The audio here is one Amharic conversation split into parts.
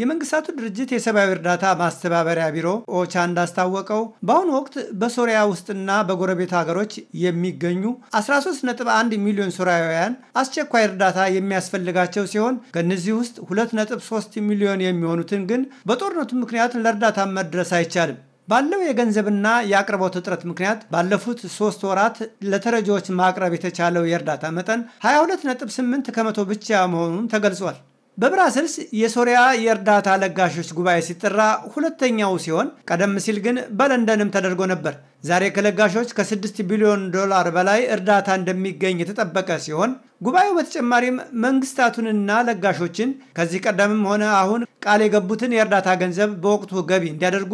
የመንግስታቱ ድርጅት የሰብአዊ እርዳታ ማስተባበሪያ ቢሮ ኦቻ እንዳስታወቀው በአሁኑ ወቅት በሶሪያ ውስጥና በጎረቤት ሀገሮች የሚገኙ 13.1 ሚሊዮን ሶሪያውያን አስቸኳይ እርዳታ የሚያስፈልጋቸው ሲሆን ከእነዚህ ውስጥ 2.3 ሚሊዮን የሚሆኑትን ግን በጦርነቱ ምክንያት ለእርዳታ መድረስ አይቻልም። ባለው የገንዘብና የአቅርቦት እጥረት ምክንያት ባለፉት ሶስት ወራት ለተረጂዎች ማቅረብ የተቻለው የእርዳታ መጠን 22.8 ከመቶ ብቻ መሆኑን ተገልጿል። በብራሰልስ የሶሪያ የእርዳታ ለጋሾች ጉባኤ ሲጠራ ሁለተኛው ሲሆን ቀደም ሲል ግን በለንደንም ተደርጎ ነበር። ዛሬ ከለጋሾች ከ6 ቢሊዮን ዶላር በላይ እርዳታ እንደሚገኝ የተጠበቀ ሲሆን ጉባኤው በተጨማሪም መንግስታቱንና ለጋሾችን ከዚህ ቀደምም ሆነ አሁን ቃል የገቡትን የእርዳታ ገንዘብ በወቅቱ ገቢ እንዲያደርጉ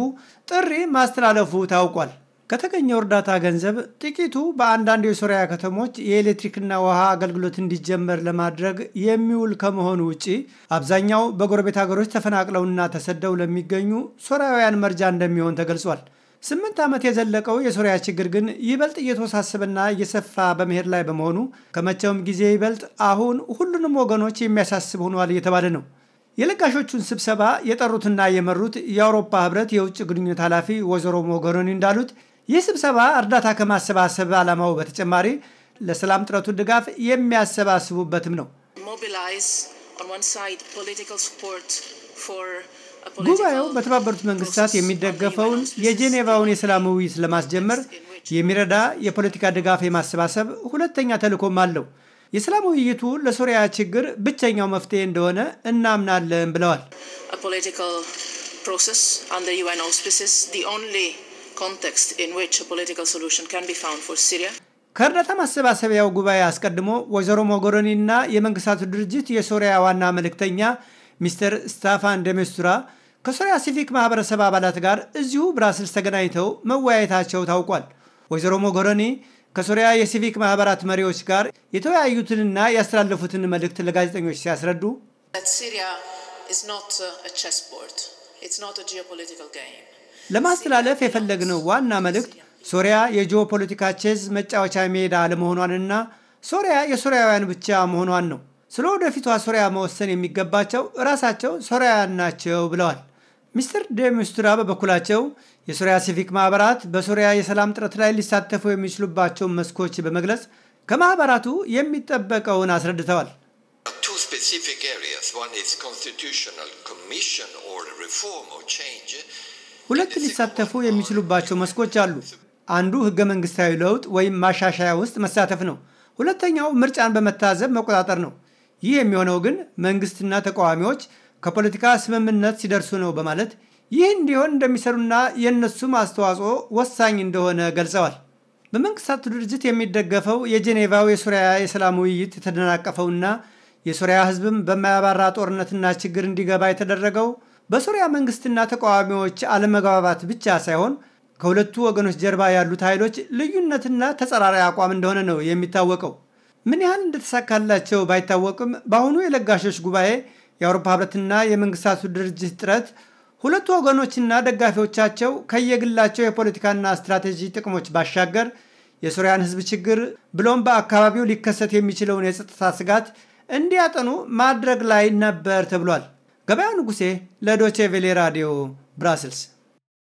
ጥሪ ማስተላለፉ ታውቋል። ከተገኘው እርዳታ ገንዘብ ጥቂቱ በአንዳንድ የሶሪያ ከተሞች የኤሌክትሪክና ውሃ አገልግሎት እንዲጀመር ለማድረግ የሚውል ከመሆኑ ውጪ አብዛኛው በጎረቤት ሀገሮች ተፈናቅለውና ተሰደው ለሚገኙ ሶሪያውያን መርጃ እንደሚሆን ተገልጿል። ስምንት ዓመት የዘለቀው የሶሪያ ችግር ግን ይበልጥ እየተወሳሰበና እየሰፋ በመሄድ ላይ በመሆኑ ከመቼውም ጊዜ ይበልጥ አሁን ሁሉንም ወገኖች የሚያሳስብ ሆኗል እየተባለ ነው። የለጋሾቹን ስብሰባ የጠሩትና የመሩት የአውሮፓ ህብረት የውጭ ግንኙነት ኃላፊ ወይዘሮ ሞገሪኒ እንዳሉት ይህ ስብሰባ እርዳታ ከማሰባሰብ ዓላማው በተጨማሪ ለሰላም ጥረቱ ድጋፍ የሚያሰባስቡበትም ነው። ጉባኤው በተባበሩት መንግስታት የሚደገፈውን የጄኔቫውን የሰላም ውይይት ለማስጀመር የሚረዳ የፖለቲካ ድጋፍ የማሰባሰብ ሁለተኛ ተልዕኮም አለው። የሰላም ውይይቱ ለሶሪያ ችግር ብቸኛው መፍትሄ እንደሆነ እናምናለን ብለዋል። context in which a political solution can be found for Syria. ከእርዳታ ማሰባሰቢያው ጉባኤ አስቀድሞ ወይዘሮ እና የመንግስታቱ ድርጅት የሶሪያ ዋና መልእክተኛ ሚስተር ስታፋን ደሜስቱራ ከሶሪያ ሲቪክ ማህበረሰብ አባላት ጋር እዚሁ ብራስልስ ተገናኝተው መወያየታቸው ታውቋል። ወይዘሮ ሞጎሮኒ ከሶሪያ የሲቪክ ማህበራት መሪዎች ጋር የተወያዩትንና ያስተላለፉትን መልእክት ለጋዜጠኞች ሲያስረዱ ሲሪያ ኢዝ ኖት ቼስ ቦርድ ኢትስ ኖት ጂኦፖለቲካል ጌም ለማስተላለፍ የፈለግነው ዋና መልእክት ሶሪያ የጂኦፖለቲካ ቼዝ መጫወቻ ሜዳ አለመሆኗንና ሶሪያ የሶሪያውያን ብቻ መሆኗን ነው። ስለ ወደፊቷ ሶሪያ መወሰን የሚገባቸው እራሳቸው ሶሪያውያን ናቸው ብለዋል። ሚስትር ደሚስቱራ በበኩላቸው የሶሪያ ሲቪክ ማህበራት በሶሪያ የሰላም ጥረት ላይ ሊሳተፉ የሚችሉባቸውን መስኮች በመግለጽ ከማህበራቱ የሚጠበቀውን አስረድተዋል። ሁለት ሊሳተፉ የሚችሉባቸው መስኮች አሉ። አንዱ ህገ መንግስታዊ ለውጥ ወይም ማሻሻያ ውስጥ መሳተፍ ነው። ሁለተኛው ምርጫን በመታዘብ መቆጣጠር ነው። ይህ የሚሆነው ግን መንግስትና ተቃዋሚዎች ከፖለቲካ ስምምነት ሲደርሱ ነው በማለት ይህ እንዲሆን እንደሚሰሩና የእነሱም አስተዋጽኦ ወሳኝ እንደሆነ ገልጸዋል። በመንግስታቱ ድርጅት የሚደገፈው የጄኔቫው የሱሪያ የሰላም ውይይት የተደናቀፈውና የሱሪያ ህዝብም በማያባራ ጦርነትና ችግር እንዲገባ የተደረገው በሶሪያ መንግስትና ተቃዋሚዎች አለመግባባት ብቻ ሳይሆን ከሁለቱ ወገኖች ጀርባ ያሉት ኃይሎች ልዩነትና ተጸራሪ አቋም እንደሆነ ነው የሚታወቀው። ምን ያህል እንደተሳካላቸው ባይታወቅም በአሁኑ የለጋሾች ጉባኤ የአውሮፓ ህብረትና የመንግስታቱ ድርጅት ጥረት ሁለቱ ወገኖችና ደጋፊዎቻቸው ከየግላቸው የፖለቲካና ስትራቴጂ ጥቅሞች ባሻገር የሱሪያን ህዝብ ችግር ብሎም በአካባቢው ሊከሰት የሚችለውን የጸጥታ ስጋት እንዲያጠኑ ማድረግ ላይ ነበር ተብሏል። Gabaa Nugusee Ladochee Veelee Raadiyoo Biraasils.